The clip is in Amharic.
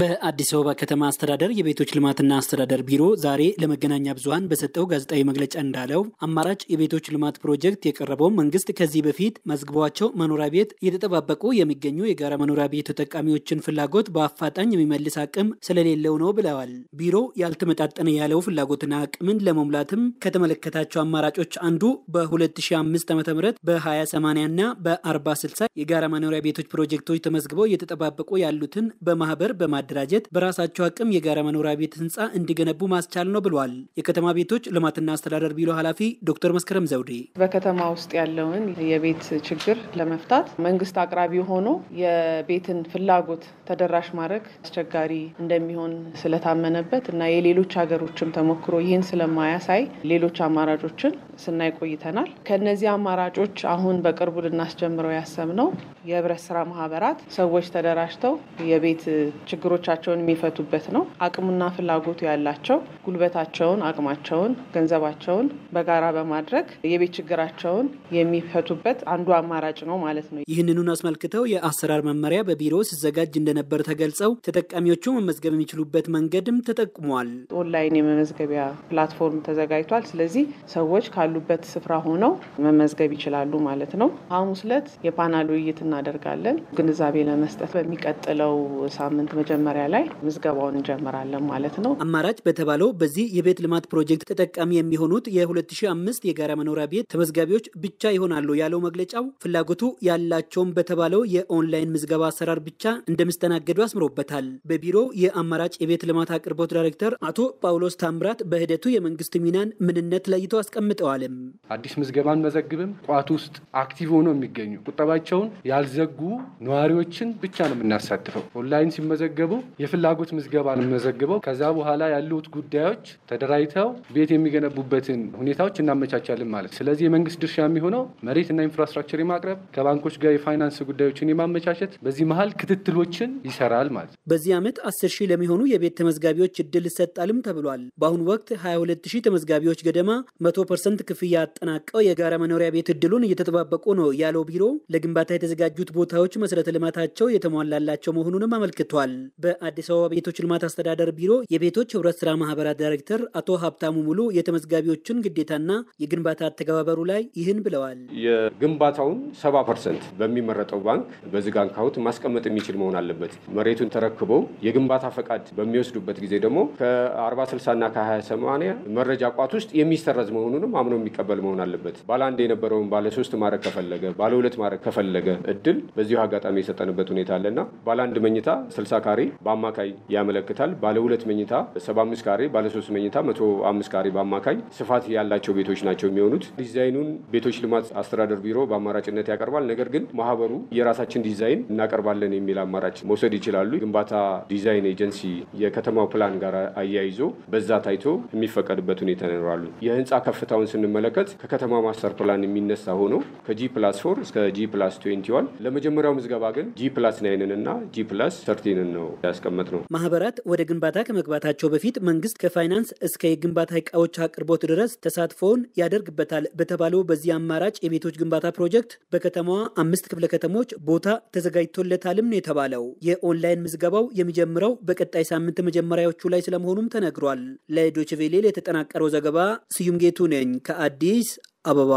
በአዲስ አበባ ከተማ አስተዳደር የቤቶች ልማትና አስተዳደር ቢሮ ዛሬ ለመገናኛ ብዙኃን በሰጠው ጋዜጣዊ መግለጫ እንዳለው አማራጭ የቤቶች ልማት ፕሮጀክት የቀረበው መንግስት ከዚህ በፊት መዝግቧቸው መኖሪያ ቤት እየተጠባበቁ የሚገኙ የጋራ መኖሪያ ቤት ተጠቃሚዎችን ፍላጎት በአፋጣኝ የሚመልስ አቅም ስለሌለው ነው ብለዋል። ቢሮ ያልተመጣጠነ ያለው ፍላጎትና አቅምን ለመሙላትም ከተመለከታቸው አማራጮች አንዱ በ2005 ዓ.ም በ2080 ና በ4060 የጋራ መኖሪያ ቤቶች ፕሮጀክቶች ተመዝግበው እየተጠባበቁ ያሉትን በማህበር በማ በማደራጀት በራሳቸው አቅም የጋራ መኖሪያ ቤት ህንፃ እንዲገነቡ ማስቻል ነው ብሏል። የከተማ ቤቶች ልማትና አስተዳደር ቢሮ ኃላፊ ዶክተር መስከረም ዘውዴ በከተማ ውስጥ ያለውን የቤት ችግር ለመፍታት መንግስት አቅራቢ ሆኖ የቤትን ፍላጎት ተደራሽ ማድረግ አስቸጋሪ እንደሚሆን ስለታመነበት እና የሌሎች ሀገሮችም ተሞክሮ ይህን ስለማያሳይ ሌሎች አማራጮችን ስናይ ቆይተናል። ከነዚህ አማራጮች አሁን በቅርቡ ልናስጀምረው ያሰብነው የህብረት ስራ ማህበራት ሰዎች ተደራጅተው የቤት ችግር ችግሮቻቸውን የሚፈቱበት ነው። አቅሙና ፍላጎቱ ያላቸው ጉልበታቸውን፣ አቅማቸውን፣ ገንዘባቸውን በጋራ በማድረግ የቤት ችግራቸውን የሚፈቱበት አንዱ አማራጭ ነው ማለት ነው። ይህንኑን አስመልክተው የአሰራር መመሪያ በቢሮ ሲዘጋጅ እንደነበር ተገልጸው ተጠቃሚዎቹ መመዝገብ የሚችሉበት መንገድም ተጠቁሟል። ኦንላይን የመመዝገቢያ ፕላትፎርም ተዘጋጅቷል። ስለዚህ ሰዎች ካሉበት ስፍራ ሆነው መመዝገብ ይችላሉ ማለት ነው። ሐሙስ ዕለት የፓናል ውይይት እናደርጋለን ግንዛቤ ለመስጠት በሚቀጥለው ሳምንት መጀመ መጀመሪያ ላይ ምዝገባውን እንጀምራለን ማለት ነው። አማራጭ በተባለው በዚህ የቤት ልማት ፕሮጀክት ተጠቃሚ የሚሆኑት የ2005 የጋራ መኖሪያ ቤት ተመዝጋቢዎች ብቻ ይሆናሉ ያለው መግለጫው ፍላጎቱ ያላቸውም በተባለው የኦንላይን ምዝገባ አሰራር ብቻ እንደሚስተናገዱ አስምሮበታል። በቢሮው የአማራጭ የቤት ልማት አቅርቦት ዳይሬክተር አቶ ጳውሎስ ታምራት በሂደቱ የመንግስት ሚናን ምንነት ለይቶ አስቀምጠዋልም። አዲስ ምዝገባን መዘግብም ቋት ውስጥ አክቲቭ ሆኖ የሚገኙ ቁጠባቸውን ያልዘጉ ነዋሪዎችን ብቻ ነው የምናሳትፈው። ኦንላይን ሲመዘገቡ ሲመዘገቡ የፍላጎት ምዝገባ ነው የሚመዘግበው። ከዛ በኋላ ያሉት ጉዳዮች ተደራጅተው ቤት የሚገነቡበትን ሁኔታዎች እናመቻቻለን ማለት። ስለዚህ የመንግስት ድርሻ የሚሆነው መሬትና ኢንፍራስትራክቸር የማቅረብ ከባንኮች ጋር የፋይናንስ ጉዳዮችን የማመቻቸት፣ በዚህ መሀል ክትትሎችን ይሰራል ማለት። በዚህ ዓመት አስር ሺህ ለሚሆኑ የቤት ተመዝጋቢዎች እድል ይሰጣልም ተብሏል። በአሁኑ ወቅት 22 ሺህ ተመዝጋቢዎች ገደማ መቶ ፐርሰንት ክፍያ አጠናቀው የጋራ መኖሪያ ቤት እድሉን እየተጠባበቁ ነው ያለው ቢሮ ለግንባታ የተዘጋጁት ቦታዎች መሰረተ ልማታቸው የተሟላላቸው መሆኑንም አመልክቷል። በአዲስ አበባ ቤቶች ልማት አስተዳደር ቢሮ የቤቶች ህብረት ስራ ማህበራት ዳይሬክተር አቶ ሀብታሙ ሙሉ የተመዝጋቢዎችን ግዴታና የግንባታ አተገባበሩ ላይ ይህን ብለዋል። የግንባታውን ሰባ ፐርሰንት በሚመረጠው ባንክ በዝግ አካውንት ማስቀመጥ የሚችል መሆን አለበት። መሬቱን ተረክበው የግንባታ ፈቃድ በሚወስዱበት ጊዜ ደግሞ ከ40 60ና ከ28 መረጃ ቋት ውስጥ የሚሰረዝ መሆኑንም አምኖ የሚቀበል መሆን አለበት። ባለ አንድ የነበረውን ባለ ሶስት ማድረግ ከፈለገ ባለ ሁለት ማድረግ ከፈለገ እድል በዚሁ አጋጣሚ የሰጠንበት ሁኔታ አለና ባለ አንድ መኝታ 60 ካሬ ካሬ በአማካይ ያመለክታል። ባለ ሁለት መኝታ ሰባ ካሬ፣ ባለ ሶስት መኝታ መቶ አምስት ካሬ በአማካይ ስፋት ያላቸው ቤቶች ናቸው የሚሆኑት። ዲዛይኑን ቤቶች ልማት አስተዳደር ቢሮ በአማራጭነት ያቀርባል። ነገር ግን ማህበሩ የራሳችን ዲዛይን እናቀርባለን የሚል አማራጭ መውሰድ ይችላሉ። ግንባታ ዲዛይን ኤጀንሲ የከተማው ፕላን ጋር አያይዞ በዛ ታይቶ የሚፈቀድበት ሁኔታ ይኖራሉ። የህንፃ ከፍታውን ስንመለከት ከከተማ ማስተር ፕላን የሚነሳ ሆኖ ከጂ ፕላስ ፎር እስከ ጂ ፕላስ ትዌንቲ ዋን ለመጀመሪያው ምዝገባ ግን ጂ ፕላስ ናይንን እና ጂ ፕላስ ሰርቲንን ነው ያስቀመጥ ነው። ማህበራት ወደ ግንባታ ከመግባታቸው በፊት መንግስት ከፋይናንስ እስከ የግንባታ እቃዎች አቅርቦት ድረስ ተሳትፎውን ያደርግበታል በተባለው በዚህ አማራጭ የቤቶች ግንባታ ፕሮጀክት በከተማዋ አምስት ክፍለ ከተሞች ቦታ ተዘጋጅቶለታልም ነው የተባለው። የኦንላይን ምዝገባው የሚጀምረው በቀጣይ ሳምንት መጀመሪያዎቹ ላይ ስለመሆኑም ተነግሯል። ለዶችቬሌል የተጠናቀረው ዘገባ ስዩም ጌቱ ነኝ ከአዲስ አበባ